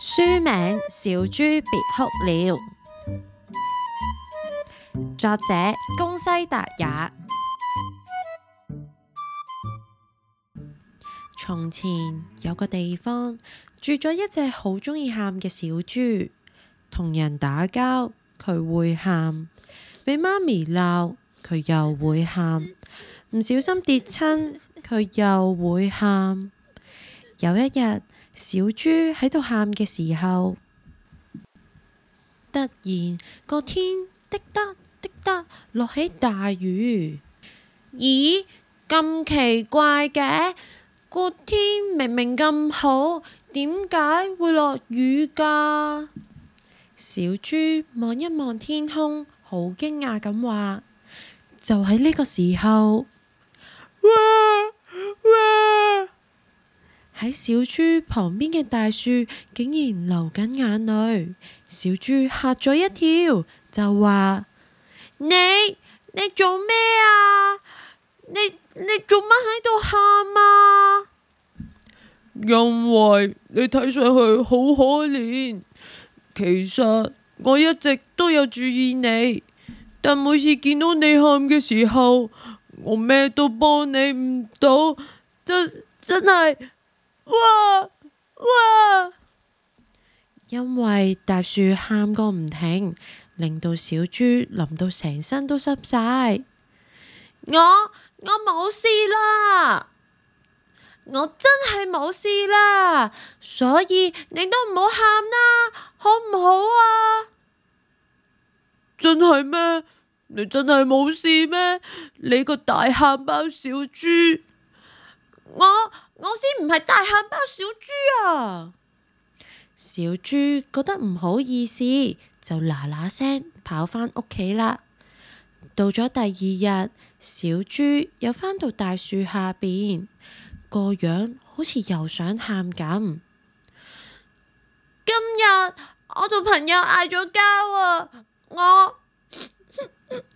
書名《小豬別哭了》，作者宮西達也。從前有個地方住咗一隻好鍾意喊嘅小豬，同人打交佢會喊，俾媽咪鬧佢又會喊，唔小心跌親佢又會喊。有一日，小豬喺度喊嘅時候，突然個天滴答滴答落起大雨。咦，咁奇怪嘅，個天明明咁好，點解會落雨㗎？小豬望一望天空，好驚訝咁話：就喺呢個時候。喺小豬旁邊嘅大樹竟然流緊眼淚，小豬嚇咗一跳，就話：你你做咩啊？你你做乜喺度喊啊？因為你睇上去好可憐，其實我一直都有注意你，但每次見到你喊嘅時候，我咩都幫你唔到，真真係。哇，哇。因為大樹喊個唔停，令到小豬淋到成身都濕晒。我我冇事啦，我真係冇事啦，所以你都唔好喊啦，好唔好啊？真係咩？你真係冇事咩？你個大喊包小豬，我。我先唔係大喊包小豬啊！小豬覺得唔好意思，就嗱嗱聲跑翻屋企啦。到咗第二日，小豬又翻到大樹下邊，個樣好似又想喊咁。今日我同朋友嗌咗交啊！我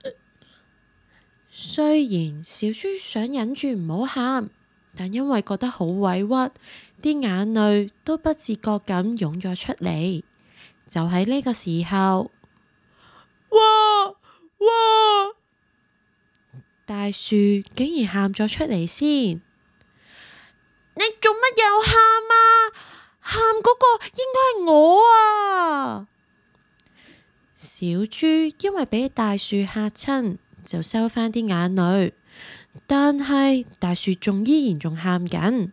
雖然小豬想忍住唔好喊。但因為覺得好委屈，啲眼淚都不自覺咁湧咗出嚟。就喺呢個時候，哇哇！哇，大樹竟然喊咗出嚟先，你做乜又喊啊？喊嗰個應該係我啊！小豬因為俾大樹吓親，就收返啲眼淚。但係大樹仲依然仲喊緊，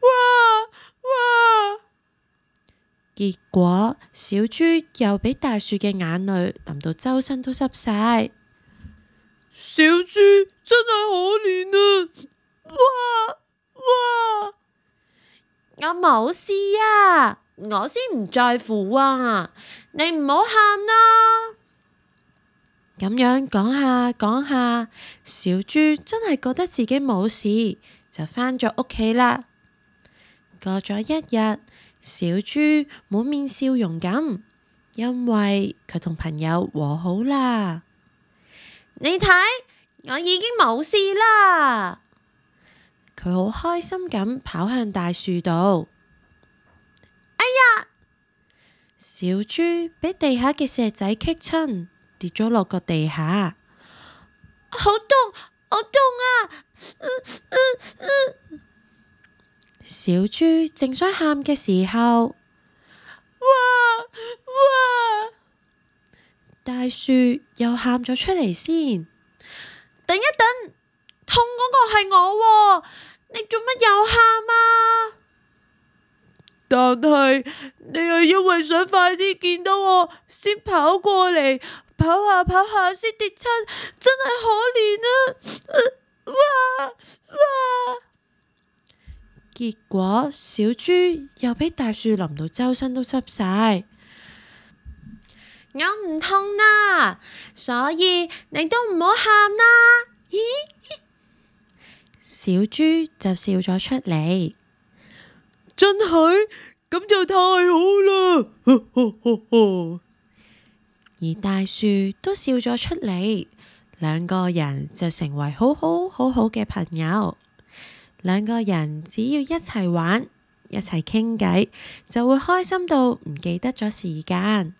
哇哇！結果小豬又俾大樹嘅眼淚淋到周身都濕晒，小豬真係可憐啊！哇哇！我冇事啊，我先唔在乎啊，你唔好喊啦。咁樣講下講下，小豬真係覺得自己冇事，就翻咗屋企啦。過咗一日，小豬滿面笑容咁，因為佢同朋友和好啦。你睇，我已經冇事啦。佢好開心咁跑向大樹度。哎呀，小豬俾地下嘅石仔棘親。跌咗落個地下，好痛，好痛啊！呃呃呃、小豬正想喊嘅時候，哇哇！大樹又喊咗出嚟先，等一等，痛嗰個係我喎，你做乜又喊啊？但係你係因為想快啲見到我，先跑過嚟，跑下跑下先跌親，真係可憐啊！哇哇！結果小豬又俾大樹淋到周身都濕晒，我唔痛啦，所以你都唔好喊啦。小豬就笑咗出嚟。真係？咁就太好啦！ 而大樹都笑咗出嚟，兩個人就成為好好好好嘅朋友。兩個人只要一齊玩，一齊傾偈，就會開心到唔記得咗時間。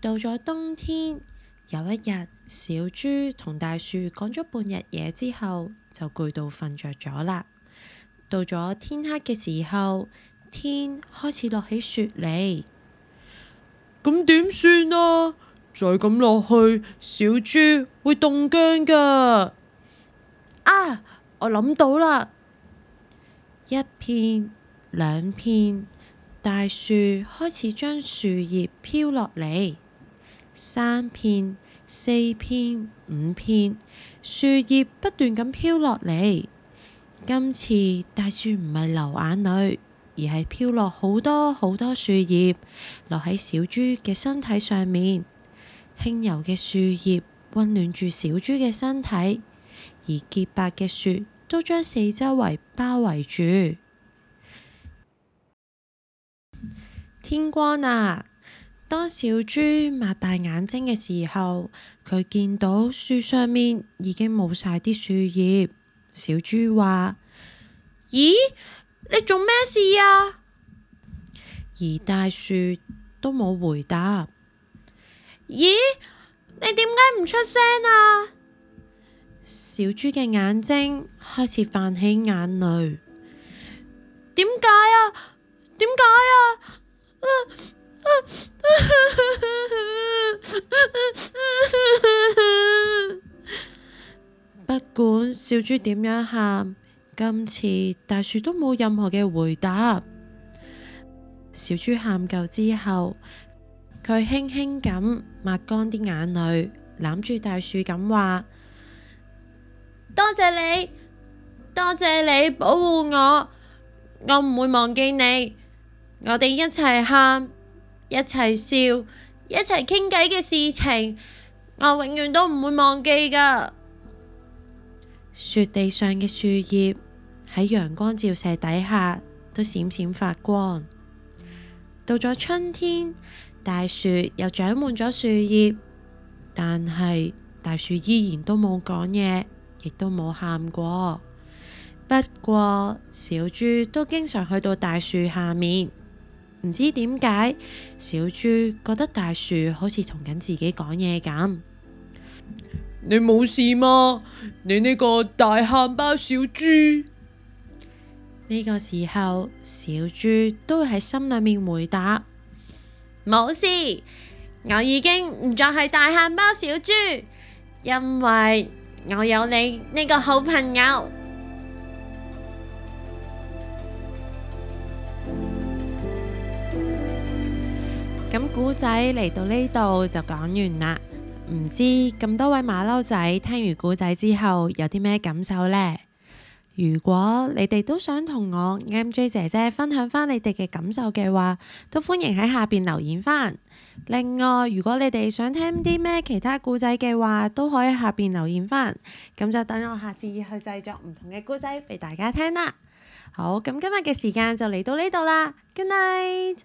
到咗冬天，有一日，小豬同大樹講咗半日嘢之後，就攰到瞓着咗啦。到咗天黑嘅時候，天開始落起雪嚟。咁點算啊？再咁落去，小豬會凍僵噶。啊！我諗到啦，一片、兩片，大樹開始將樹葉飄落嚟。三片、四片、五片，樹葉不斷咁飄落嚟。今次大樹唔係流眼淚，而係飄落好多好多樹葉落喺小豬嘅身體上面，輕柔嘅樹葉溫暖住小豬嘅身體，而潔白嘅雪都將四周圍包圍住。天光啦，啊，當小豬擘大眼睛嘅時候，佢見到樹上面已經冇晒啲樹葉。小豬話，咦，你做咩事啊？而大樹都冇回答。咦，你點解唔出聲啊？小豬嘅眼睛開始泛起眼淚。點解啊？點解啊？ 不管小豬點樣喊，今次大樹都冇任何嘅回答。小豬喊夠之後，佢輕輕咁抹乾啲眼淚，攬住大樹咁話：多謝你，多謝你保護我，我唔會忘記你。我哋一齊喊，一齊笑，一齊傾偈嘅事情，我永遠都唔會忘記噶。雪地上嘅樹葉喺陽光照射底下都閃閃發光。到咗春天，大樹又長滿咗樹葉，但係大樹依然都冇講嘢，亦都冇喊過。不過小豬都經常去到大樹下面，唔知點解，小豬覺得大樹好似同緊自己講嘢咁。你冇事嗎？你呢個大喊包小豬？呢個時候，小豬都會喺心裏面回答：冇事，我已經唔再係大喊包小豬，因為我有你呢個好朋友。咁古仔嚟到呢度就講完啦。唔知咁多位馬騮仔聽完故仔之後有啲咩感受呢？如果你哋都想同我 MJ 姐姐分享翻你哋嘅感受嘅話，都歡迎喺下邊留言翻。另外，如果你哋想聽啲咩其他故仔嘅話，都可以下邊留言翻。咁就等我下次去製作唔同嘅故仔俾大家聽啦。好，咁、嗯、今日嘅時間就嚟到呢度啦。Good night。